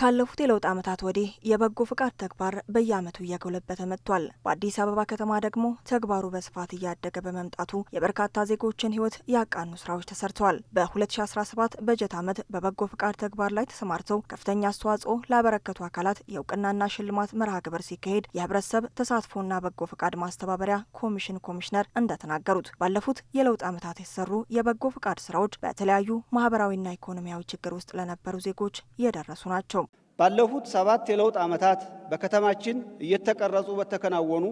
ካለፉት የለውጥ ዓመታት ወዲህ የበጎ ፍቃድ ተግባር በየዓመቱ እየጎለበተ መጥቷል። በአዲስ አበባ ከተማ ደግሞ ተግባሩ በስፋት እያደገ በመምጣቱ የበርካታ ዜጎችን ሕይወት ያቃኑ ስራዎች ተሰርተዋል። በ2017 በጀት ዓመት በበጎ ፍቃድ ተግባር ላይ ተሰማርተው ከፍተኛ አስተዋጽኦ ላበረከቱ አካላት የእውቅናና ሽልማት መርሃ ግብር ሲካሄድ የህብረተሰብ ተሳትፎና በጎ ፍቃድ ማስተባበሪያ ኮሚሽን ኮሚሽነር እንደተናገሩት ባለፉት የለውጥ ዓመታት የተሰሩ የበጎ ፍቃድ ስራዎች በተለያዩ ማህበራዊና ኢኮኖሚያዊ ችግር ውስጥ ለነበሩ ዜጎች የደረሱ ናቸው። ባለፉት ሰባት የለውጥ ዓመታት በከተማችን እየተቀረጹ በተከናወኑ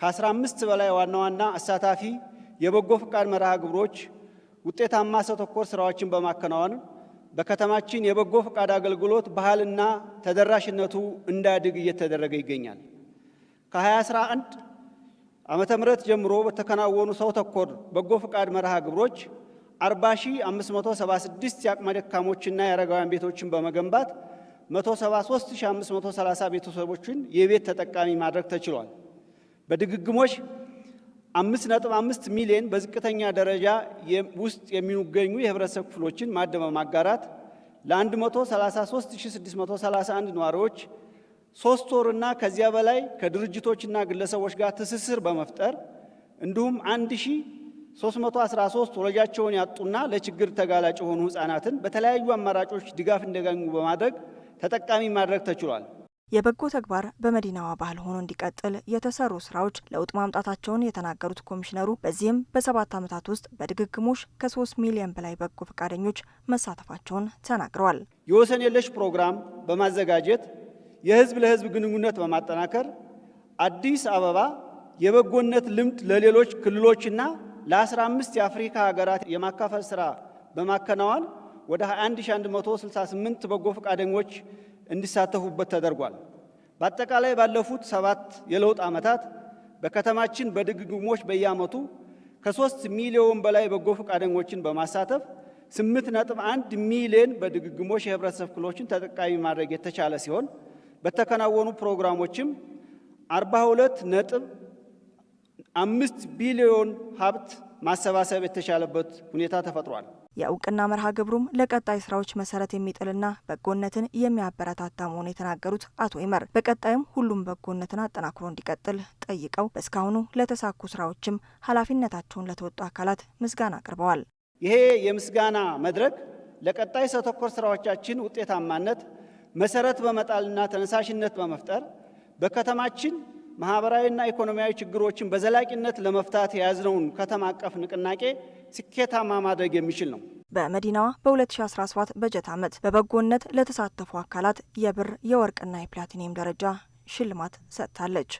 ከ15 በላይ ዋና ዋና አሳታፊ የበጎ ፈቃድ መርሃ ግብሮች ውጤታማ ሰው ተኮር ስራዎችን በማከናወን በከተማችን የበጎ ፈቃድ አገልግሎት ባህልና ተደራሽነቱ እንዳያድግ እየተደረገ ይገኛል። ከ2011 ዓመተ ምህረት ጀምሮ በተከናወኑ ሰው ተኮር በጎ ፈቃድ መርሃ ግብሮች 40576 የአቅመ ደካሞችና የአረጋውያን ቤቶችን በመገንባት 173530 ቤተሰቦችን የቤት ተጠቃሚ ማድረግ ተችሏል። በድግግሞሽ 5.5 ሚሊዮን በዝቅተኛ ደረጃ ውስጥ የሚገኙ የህብረተሰብ ክፍሎችን ማደመ ማጋራት ለ133631 ነዋሪዎች ሶስት ወርና ከዚያ በላይ ከድርጅቶችና ግለሰቦች ጋር ትስስር በመፍጠር እንዲሁም 1313 ወላጃቸውን ያጡና ለችግር ተጋላጭ የሆኑ ህጻናትን በተለያዩ አማራጮች ድጋፍ እንዲያገኙ በማድረግ ተጠቃሚ ማድረግ ተችሏል። የበጎ ተግባር በመዲናዋ ባህል ሆኖ እንዲቀጥል የተሰሩ ስራዎች ለውጥ ማምጣታቸውን የተናገሩት ኮሚሽነሩ በዚህም በሰባት ዓመታት ውስጥ በድግግሞሽ ከሶስት ሚሊዮን በላይ በጎ ፈቃደኞች መሳተፋቸውን ተናግረዋል። የወሰን የለሽ ፕሮግራም በማዘጋጀት የህዝብ ለህዝብ ግንኙነት በማጠናከር አዲስ አበባ የበጎነት ልምድ ለሌሎች ክልሎችና ለ15 የአፍሪካ ሀገራት የማካፈል ስራ በማከናወን ወደ 21168 በጎ ፈቃደኞች እንዲሳተፉበት ተደርጓል። በአጠቃላይ ባለፉት ሰባት የለውጥ ዓመታት በከተማችን በድግግሞች በየዓመቱ ከሶስት ሚሊዮን በላይ በጎ ፈቃደኞችን በማሳተፍ ስምንት ነጥብ አንድ ሚሊዮን በድግግሞች የህብረተሰብ ክፍሎችን ተጠቃሚ ማድረግ የተቻለ ሲሆን በተከናወኑ ፕሮግራሞችም አርባ ሁለት ነጥብ አምስት ቢሊዮን ሀብት ማሰባሰብ የተቻለበት ሁኔታ ተፈጥሯል። የእውቅና መርሃ ግብሩም ለቀጣይ ስራዎች መሰረት የሚጥልና በጎነትን የሚያበረታታ መሆኑ የተናገሩት አቶ ይመር በቀጣይም ሁሉም በጎነትን አጠናክሮ እንዲቀጥል ጠይቀው በእስካሁኑ ለተሳኩ ስራዎችም ኃላፊነታቸውን ለተወጡ አካላት ምስጋና አቅርበዋል። ይሄ የምስጋና መድረክ ለቀጣይ ሰው ተኮር ስራዎቻችን ውጤታማነት መሰረት በመጣልና ተነሳሽነት በመፍጠር በከተማችን ማህበራዊና ኢኮኖሚያዊ ችግሮችን በዘላቂነት ለመፍታት የያዝነውን ከተማ አቀፍ ንቅናቄ ስኬታማ ማድረግ የሚችል ነው። በመዲናዋ በ2017 በጀት ዓመት በበጎነት ለተሳተፉ አካላት የብር የወርቅና የፕላቲኒየም ደረጃ ሽልማት ሰጥታለች።